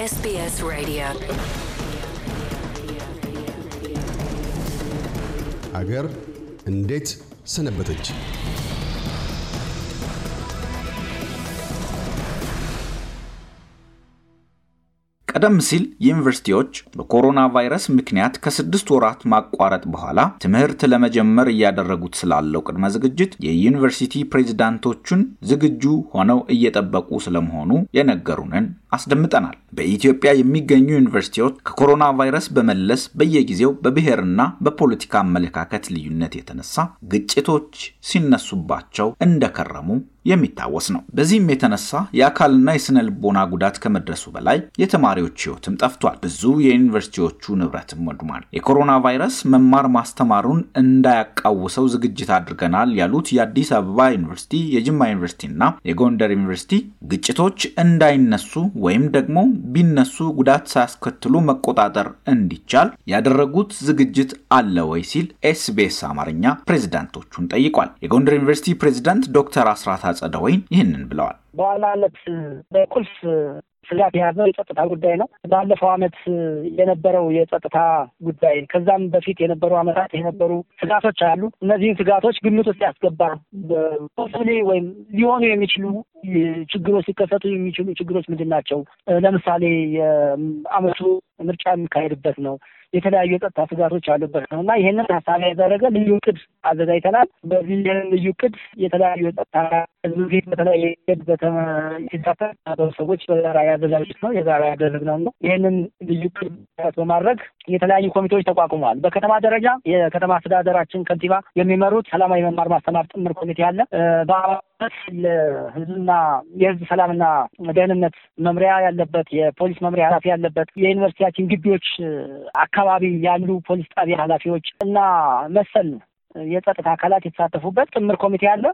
SBS Radio. አገር እንዴት ሰነበተች? ቀደም ሲል ዩኒቨርሲቲዎች በኮሮና ቫይረስ ምክንያት ከስድስት ወራት ማቋረጥ በኋላ ትምህርት ለመጀመር እያደረጉት ስላለው ቅድመ ዝግጅት የዩኒቨርሲቲ ፕሬዚዳንቶቹን ዝግጁ ሆነው እየጠበቁ ስለመሆኑ የነገሩንን አስደምጠናል። በኢትዮጵያ የሚገኙ ዩኒቨርሲቲዎች ከኮሮና ቫይረስ በመለስ በየጊዜው በብሔርና በፖለቲካ አመለካከት ልዩነት የተነሳ ግጭቶች ሲነሱባቸው እንደከረሙ የሚታወስ ነው። በዚህም የተነሳ የአካልና የስነ ልቦና ጉዳት ከመድረሱ በላይ የተማሪዎች ሕይወትም ጠፍቷል። ብዙ የዩኒቨርሲቲዎቹ ንብረትም ወድሟል። የኮሮና ቫይረስ መማር ማስተማሩን እንዳያቃውሰው ዝግጅት አድርገናል ያሉት የአዲስ አበባ ዩኒቨርሲቲ፣ የጅማ ና የጎንደር ዩኒቨርሲቲ ግጭቶች እንዳይነሱ ወይም ደግሞ ቢነሱ ጉዳት ሳያስከትሉ መቆጣጠር እንዲቻል ያደረጉት ዝግጅት አለ ወይ ሲል ኤስቢኤስ አማርኛ ፕሬዚዳንቶቹን ጠይቋል። የጎንደር ዩኒቨርሲቲ ፕሬዚዳንት ዶክተር አስራት አጸደ ወይን ይህንን ብለዋል። በዋናነት በቁልፍ ስጋት የያዘ የጸጥታ ጉዳይ ነው። ባለፈው ዓመት የነበረው የጸጥታ ጉዳይ ከዛም በፊት የነበሩ ዓመታት የነበሩ ስጋቶች አሉ። እነዚህን ስጋቶች ግምት ውስጥ ያስገባ ፖስብሊ ወይም ሊሆኑ የሚችሉ ችግሮች ሊከሰቱ የሚችሉ ችግሮች ምንድን ናቸው? ለምሳሌ የአመቱ ምርጫ የሚካሄድበት ነው። የተለያዩ የጸጥታ ስጋቶች ያሉበት ነው እና ይህንን ሀሳብ ያደረገ ልዩ እቅድ አዘጋጅተናል። በዚህ ልዩ እቅድ የተለያዩ የጸጥታ ህዝብ ቤት በተለያየ ሄድ ሰዎች በጋራ ያዘጋጁት ነው የጋራ ያደረግ ነው። ይህንን ልዩ ቅርብ በማድረግ የተለያዩ ኮሚቴዎች ተቋቁመዋል። በከተማ ደረጃ የከተማ አስተዳደራችን ከንቲባ የሚመሩት ሰላማዊ መማር ማስተማር ጥምር ኮሚቴ አለ። በአባነት ለህዝብና የህዝብ ሰላምና ደህንነት መምሪያ ያለበት የፖሊስ መምሪያ ኃላፊ ያለበት የዩኒቨርሲቲያችን ግቢዎች አካባቢ ያሉ ፖሊስ ጣቢያ ኃላፊዎች እና መሰል የጸጥታ አካላት የተሳተፉበት ጥምር ኮሚቴ አለ።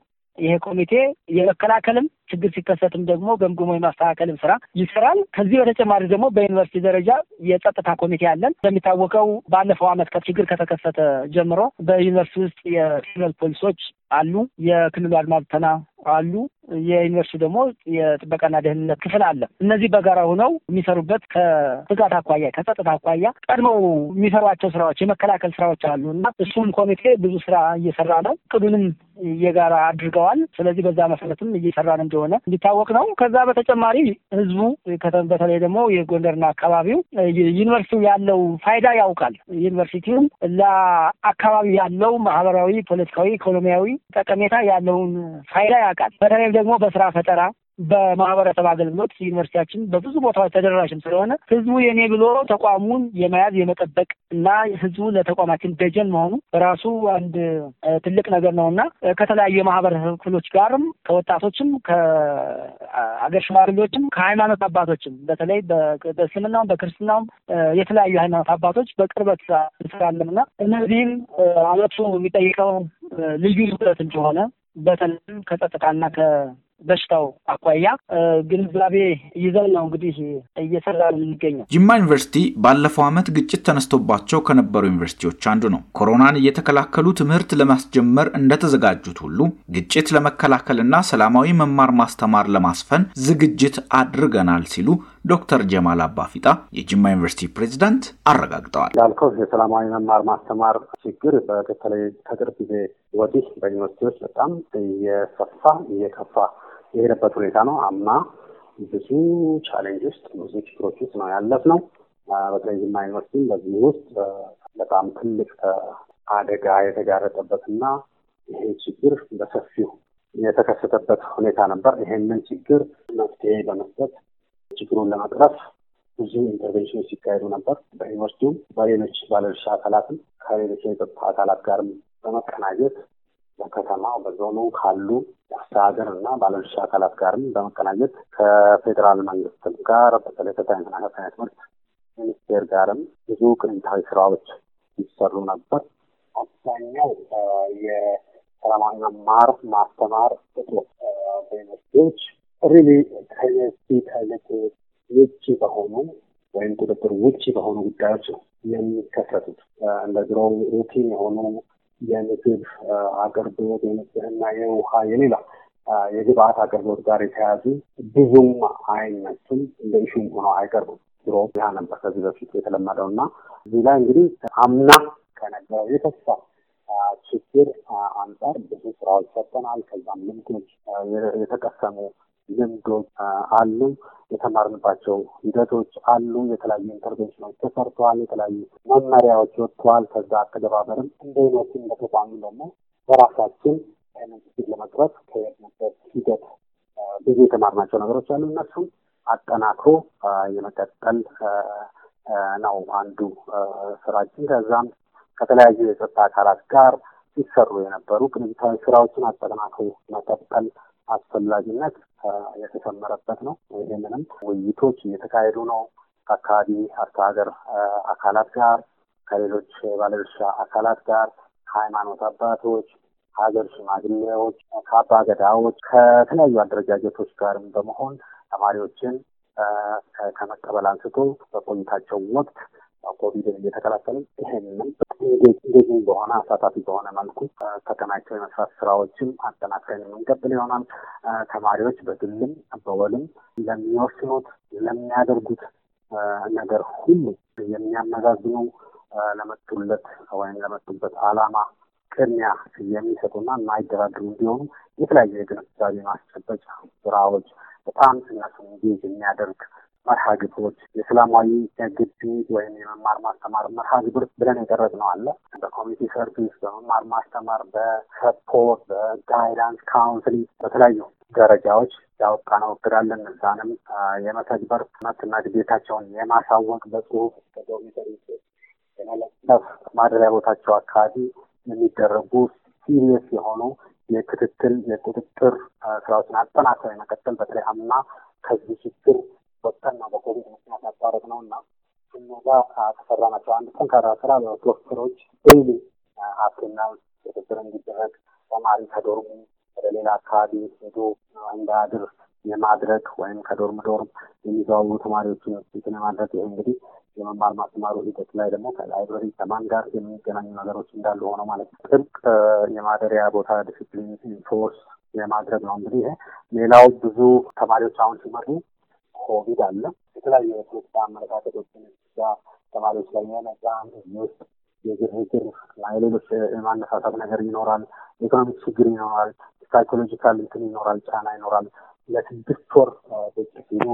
ይሄ ኮሚቴ የመከላከልም ችግር ሲከሰትም ደግሞ ገምግሞ የማስተካከልም ስራ ይሰራል። ከዚህ በተጨማሪ ደግሞ በዩኒቨርሲቲ ደረጃ የጸጥታ ኮሚቴ አለን። እንደሚታወቀው ባለፈው ዓመት ችግር ከተከሰተ ጀምሮ በዩኒቨርሲቲ ውስጥ የፌደራል ፖሊሶች አሉ፣ የክልሉ አድማ ብተና አሉ፣ የዩኒቨርሲቲ ደግሞ የጥበቃና ደህንነት ክፍል አለ። እነዚህ በጋራ ሆነው የሚሰሩበት ከስጋት አኳያ ከጸጥታ አኳያ ቀድመው የሚሰሯቸው ስራዎች የመከላከል ስራዎች አሉ እና እሱም ኮሚቴ ብዙ ስራ እየሰራ ነው። እቅዱንም የጋራ አድርገዋል። ስለዚህ በዛ መሰረትም እየሰራን እንደሆነ እንዲታወቅ ነው። ከዛ በተጨማሪ ህዝቡ በተለይ ደግሞ የጎንደርና አካባቢው ዩኒቨርሲቲው ያለው ፋይዳ ያውቃል። ዩኒቨርሲቲው ለአካባቢ ያለው ማህበራዊ፣ ፖለቲካዊ፣ ኢኮኖሚያዊ ጠቀሜታ ያለውን ፋይዳ ያውቃል። በተለይ ደግሞ በስራ ፈጠራ በማህበረሰብ አገልግሎት ዩኒቨርሲቲያችን በብዙ ቦታዎች ተደራሽም ስለሆነ ህዝቡ የኔ ብሎ ተቋሙን የመያዝ የመጠበቅ እና ህዝቡ ለተቋማችን ደጀን መሆኑ በራሱ አንድ ትልቅ ነገር ነው እና ከተለያዩ የማህበረሰብ ክፍሎች ጋርም ከወጣቶችም፣ ከአገር ሽማግሌዎችም፣ ከሃይማኖት አባቶችም በተለይ በእስልምናውም በክርስትናውም የተለያዩ ሃይማኖት አባቶች በቅርበት እንስራለን እና እነዚህም አመቱ የሚጠይቀው ልዩ ትኩረት እንደሆነ በተለይም ከጸጥታና ከበሽታው አኳያ ግንዛቤ ይዘን ነው እንግዲህ እየሰራ ነው የሚገኘው። ጅማ ዩኒቨርሲቲ ባለፈው ዓመት ግጭት ተነስቶባቸው ከነበሩ ዩኒቨርሲቲዎች አንዱ ነው። ኮሮናን እየተከላከሉ ትምህርት ለማስጀመር እንደተዘጋጁት ሁሉ ግጭት ለመከላከልና ሰላማዊ መማር ማስተማር ለማስፈን ዝግጅት አድርገናል ሲሉ ዶክተር ጀማል አባፊጣ የጅማ ዩኒቨርሲቲ ፕሬዚዳንት አረጋግጠዋል። እንዳልከው የሰላማዊ መማር ማስተማር ችግር በተለይ ከቅርብ ጊዜ ወዲህ በዩኒቨርሲቲዎች በጣም እየሰፋ እየከፋ የሄደበት ሁኔታ ነው። አምና ብዙ ቻሌንጅ ውስጥ ብዙ ችግሮች ውስጥ ነው ነው። በተለይ ጅማ ዩኒቨርሲቲ በዚህ ውስጥ በጣም ትልቅ አደጋ የተጋረጠበትና ይሄ ችግር በሰፊው የተከሰተበት ሁኔታ ነበር። ይሄንን ችግር መፍትሄ በመስጠት ችግሩን ለመቅረፍ ብዙ ኢንተርቬንሽኖች ሲካሄዱ ነበር። በዩኒቨርሲቲውም በሌሎች ባለድርሻ አካላትም ከሌሎች የጸጥታ አካላት ጋርም በመቀናጀት በከተማው በዞኑ ካሉ አስተዳደር እና ባለድርሻ አካላት ጋርም በመቀናጀት ከፌዴራል መንግስትም ጋር በተለይ ከሳይንስና ከፍተኛ ትምህርት ሚኒስቴር ጋርም ብዙ ቅንጅታዊ ስራዎች ይሰሩ ነበር። አብዛኛው የሰላማዊ መማር ማስተማር እጦት በዩኒቨርሲቲዎች ሪሊ ከዩኒቨርሲቲ ከለት ውጭ በሆኑ ወይም ቁጥጥር ውጭ በሆኑ ጉዳዮች ነው የሚከሰቱት እንደ ድሮ ሩቲን የሆኑ የምግብ አገልግሎት የንጽህና፣ የውሃ፣ የሌላ የግብአት አገልግሎት ጋር የተያዙ ብዙም አይነሱም። እንደ ኢሹም ሆነው አይቀርቡም። ድሮ ያ ነበር ከዚህ በፊት የተለመደው እና እዚህ ላይ እንግዲህ አምና ከነበረው የተስፋ ችግር አንጻር ብዙ ስራዎች ሰጠናል። ከዛም ልምዶች የተቀሰሙ ልምዶች አሉ፣ የተማርንባቸው ሂደቶች አሉ። የተለያዩ ኢንተርቬንሽኖች ተሰርተዋል። የተለያዩ መመሪያዎች ወጥተዋል። ከዛ አተገባበርም እንደ ዩኒቨርሲቲ እንደ ደግሞ በራሳችን ችግር ለመቅረፍ ከሄድንበት ሂደት ብዙ የተማርናቸው ነገሮች አሉ። እነሱም አጠናክሮ የመቀጠል ነው አንዱ ስራችን። ከዛም ከተለያዩ የጸጥታ አካላት ጋር ሲሰሩ የነበሩ ቅንጅታዊ ስራዎችን አጠናክሮ መቀጠል አስፈላጊነት የተሰመረበት ነው። ይህንንም ውይይቶች እየተካሄዱ ነው ከአካባቢ ሀገር አካላት ጋር፣ ከሌሎች ባለድርሻ አካላት ጋር፣ ከሃይማኖት አባቶች፣ ሀገር ሽማግሌዎች፣ ከአባ ገዳዎች፣ ከተለያዩ አደረጃጀቶች ጋርም በመሆን ተማሪዎችን ከመቀበል አንስቶ በቆይታቸው ወቅት ኮቪድን እየተከላከልን ይህንን እንደዚህ በሆነ አሳታፊ በሆነ መልኩ ተቀናቸው የመስራት ስራዎችም አጠናክረን የምንቀጥል ይሆናል። ተማሪዎች በግልም በወልም ለሚወስኑት ለሚያደርጉት ነገር ሁሉ የሚያመዛዝኑ ለመጡለት ወይም ለመጡበት አላማ ቅድሚያ የሚሰጡና የማይደራድሩ እንዲሆኑ የተለያዩ የግንዛቤ ማስጨበጫ ስራዎች በጣም እነሱን ጊዜ የሚያደርግ መርሃ ግብሮች የሰላማዊ ግቢ ወይም የመማር ማስተማር መርሃ ግብር ብለን ነው አለ። በኮሚኒቲ ሰርቪስ፣ በመማር ማስተማር፣ በሰፖርት፣ በጋይዳንስ ካውንስሊንግ በተለያዩ ደረጃዎች ያወጣነው ነው አለን። እዛንም የመተግበር መብትና ግዴታቸውን የማሳወቅ በጽሁፍ በዶሚተሪ የመለጠፍ ማደሪያ ቦታቸው አካባቢ የሚደረጉ ሲሪየስ የሆኑ የክትትል የቁጥጥር ስራዎችን አጠናክረው የመቀጠል በተለይ አምና ከዚህ ችግር ወጥተን ነው በኮቪድ ምክንያት ያቋረጥ ነው እና እነዛ ናቸው። አንድ ጠንካራ ስራ ዶክተሮች ሁሉ ሐክምና ቁጥጥር እንዲደረግ ተማሪ ከዶርሙ ወደ ሌላ አካባቢ ሄዶ እንዳያድር የማድረግ ወይም ከዶርም ዶርም የሚዘዋውሩ ተማሪዎችን እንትን ለማድረግ ይህ እንግዲህ የመማር ማስተማሩ ሂደት ላይ ደግሞ ከላይብረሪ ከማን ጋር የሚገናኙ ነገሮች እንዳሉ ሆነው ማለት ነው። ጥብቅ የማደሪያ ቦታ ዲስፕሊን ኢንፎርስ የማድረግ ነው። እንግዲህ ሌላው ብዙ ተማሪዎች አሁን ሲመሩ ኮቪድ አለ። የተለያዩ የፖለቲካ አመለካከቶችን ዛ ተማሪዎች ላይ የመጣ ውስጥ የግርግር ሌሎች የማነሳሳት ነገር ይኖራል። ኢኮኖሚክ ችግር ይኖራል። ሳይኮሎጂካል እንትን ይኖራል። ጫና ይኖራል። ለስድስት ወር ቤት ሲሉ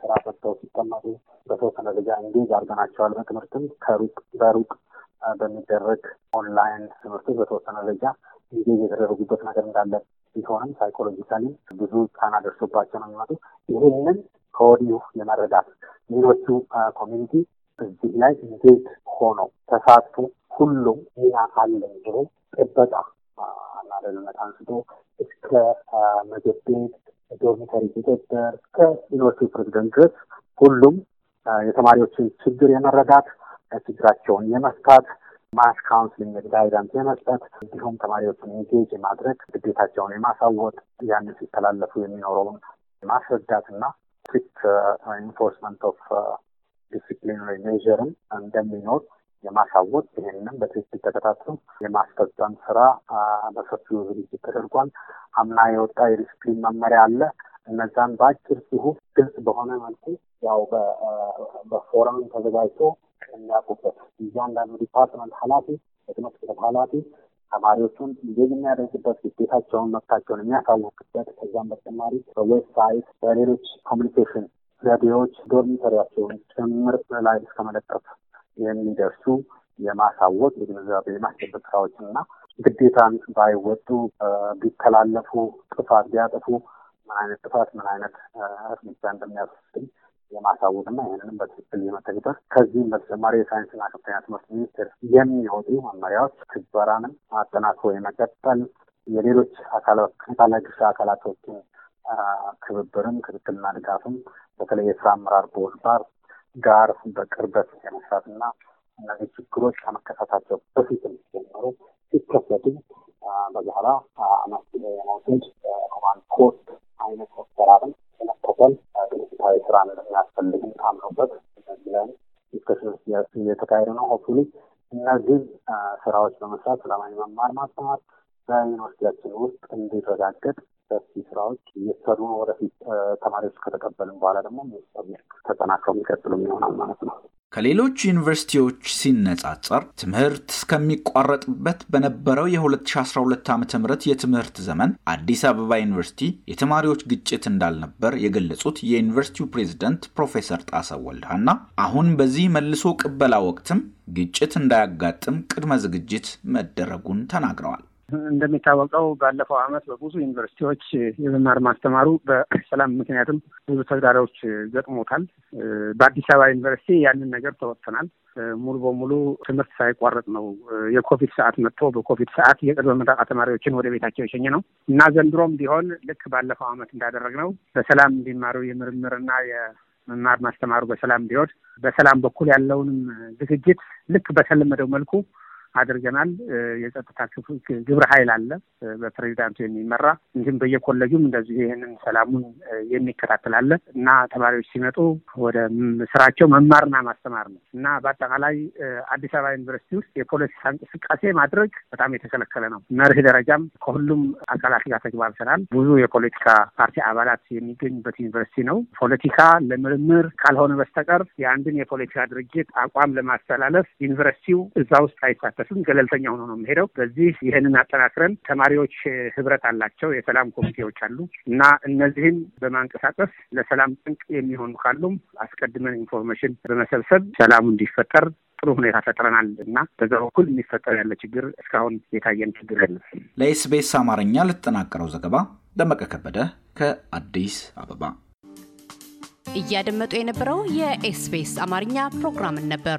ስራ ፈጥተው ሲቀመጡ በተወሰነ ደረጃ እንጌዝ አድርገናቸዋል። በትምህርትም ከሩቅ በሩቅ በሚደረግ ኦንላይን ትምህርቶች በተወሰነ ደረጃ እንጌዝ የተደረጉበት ነገር እንዳለ ቢሆንም ሳይኮሎጂካሊ ብዙ ጫና ደርሶባቸው ነው የሚመጡ ይህንን ከወዲሁ ለመረዳት ሌሎቹ ኮሚኒቲ እዚህ ላይ እንዴት ሆኖ ተሳትፎ ሁሉም ሚና አለኝ ብሎ ጥበቃ እና ደህንነት አንስቶ እስከ ምግብ ቤት ዶርሚተሪ ቁጥጥር እስከ ዩኒቨርሲቲ ፕሬዚደንት ድረስ ሁሉም የተማሪዎችን ችግር የመረዳት ችግራቸውን የመፍታት ማስ ካውንስሊንግ ጋይዳንስ የመስጠት እንዲሁም ተማሪዎችን ኢንጌጅ የማድረግ ግዴታቸውን የማሳወቅ ያን ሲተላለፉ የሚኖረውን ማስረዳት እና strict uh, enforcement of uh, disciplinary measure እንደሚኖር የማሳወቅ ይህንም በትክክል ተከታትሎ የማስፈጸም ስራ uh, በሰፊው ዝግጅት ተደርጓል። አምና የወጣ የዲስፕሊን መመሪያ አለ። እነዛን በአጭር ጽሁፍ ግልጽ በሆነ መልኩ ያው uh, በፎረም ተዘጋጅቶ የሚያውቁበት እያንዳንዱ ዲፓርትመንት ኃላፊ የትምህርት ክፍል ኃላፊ ተማሪዎቹን እንዴት የሚያደርግበት ግዴታቸውን መብታቸውን የሚያሳውቅበት ከዛም በተጨማሪ በዌብሳይት በሌሎች ኮሚኒኬሽን ዘዴዎች ዶርሚተሪያቸውን ጭምር ላይ እስከመለጠፍ የሚደርሱ የማሳወቅ የግንዛቤ የማስጨበጥ ስራዎች እና ግዴታን ባይወጡ ቢተላለፉ ጥፋት ቢያጠፉ ምን አይነት ጥፋት ምን አይነት እርምጃ እንደሚያስወስድ የማሳወቅና ይህንንም በትክክል የመተግበር ከዚህም በተጨማሪ የሳይንስና ከፍተኛ ትምህርት ሚኒስቴር የሚወጡ መመሪያዎች ትግበራንም አጠናክሮ የመቀጠል የሌሎች አካላት ድርሻ አካላቶችን ትብብርም ክትትልና ድጋፍም በተለይ የስራ አመራር ቦርድ ጋር ጋር በቅርበት የመስራትና እነዚህ ችግሮች ከመከሰታቸው በፊትም ጀምሮ ሲከሰቱ በጋራ መፍትሄ የመውሰድ ኮማንድ ፖስት አይነት አሰራርን ለመከተል ግንጅታዊ ስራ እንደሚያስፈልግ ታምኖበት ብለን ዲስከሽኖች እየተካሄዱ ነው። ሆፕፉሊ እነዚህ ስራዎች በመስራት ሰላማዊ መማር ማስተማር በዩኒቨርሲቲያችን ውስጥ እንዲረጋገጥ ሰፊ ስራዎች እየተሰሩ ወደፊት ተማሪዎች ከተቀበልን በኋላ ደግሞ ተጠናክረው የሚቀጥሉ ይሆናል ማለት ነው። ከሌሎች ዩኒቨርሲቲዎች ሲነጻጸር ትምህርት እስከሚቋረጥበት በነበረው የ2012 ዓ ም የትምህርት ዘመን አዲስ አበባ ዩኒቨርሲቲ የተማሪዎች ግጭት እንዳልነበር የገለጹት የዩኒቨርሲቲው ፕሬዝደንት ፕሮፌሰር ጣሰ ወልዳና አሁን በዚህ መልሶ ቅበላ ወቅትም ግጭት እንዳያጋጥም ቅድመ ዝግጅት መደረጉን ተናግረዋል። እንደሚታወቀው ባለፈው ዓመት በብዙ ዩኒቨርሲቲዎች የመማር ማስተማሩ በሰላም ምክንያትም ብዙ ተግዳሮች ገጥሞታል። በአዲስ አበባ ዩኒቨርሲቲ ያንን ነገር ተወጥተናል። ሙሉ በሙሉ ትምህርት ሳይቋረጥ ነው የኮቪድ ሰዓት መጥቶ በኮቪድ ሰዓት የቅድመ ምረቃ ተማሪዎችን ወደ ቤታቸው የሸኘ ነው እና ዘንድሮም ቢሆን ልክ ባለፈው ዓመት ነው በሰላም እንዲማሩ የምርምርና የመማር ማስተማሩ በሰላም እንዲወድ በሰላም በኩል ያለውንም ዝግጅት ልክ በተለመደው መልኩ አድርገናል። የጸጥታ ግብረ ኃይል አለ በፕሬዚዳንቱ የሚመራ እንዲሁም በየኮሌጁም እንደዚሁ ይህንን ሰላሙን የሚከታተል አለ እና ተማሪዎች ሲመጡ ወደ ስራቸው መማርና ማስተማር ነው እና በአጠቃላይ አዲስ አበባ ዩኒቨርሲቲ ውስጥ የፖለቲካ እንቅስቃሴ ማድረግ በጣም የተከለከለ ነው። መርህ ደረጃም ከሁሉም አካላት ጋር ተግባብተናል። ብዙ የፖለቲካ ፓርቲ አባላት የሚገኙበት ዩኒቨርሲቲ ነው። ፖለቲካ ለምርምር ካልሆነ በስተቀር የአንድን የፖለቲካ ድርጅት አቋም ለማስተላለፍ ዩኒቨርሲቲው እዛ ውስጥ አይሳተፍም። ሂደቱን ገለልተኛ ሆኖ ነው የሚሄደው። በዚህ ይህንን አጠናክረን ተማሪዎች ህብረት አላቸው፣ የሰላም ኮሚቴዎች አሉ እና እነዚህም በማንቀሳቀስ ለሰላም ጥንቅ የሚሆኑ ካሉም አስቀድመን ኢንፎርሜሽን በመሰብሰብ ሰላሙ እንዲፈጠር ጥሩ ሁኔታ ፈጥረናል እና በዛ በኩል የሚፈጠር ያለ ችግር እስካሁን የታየን ችግር የለም። ለኤስቤስ አማርኛ ለተጠናቀረው ዘገባ ደመቀ ከበደ ከአዲስ አበባ። እያደመጡ የነበረው የኤስቢኤስ አማርኛ ፕሮግራምን ነበር።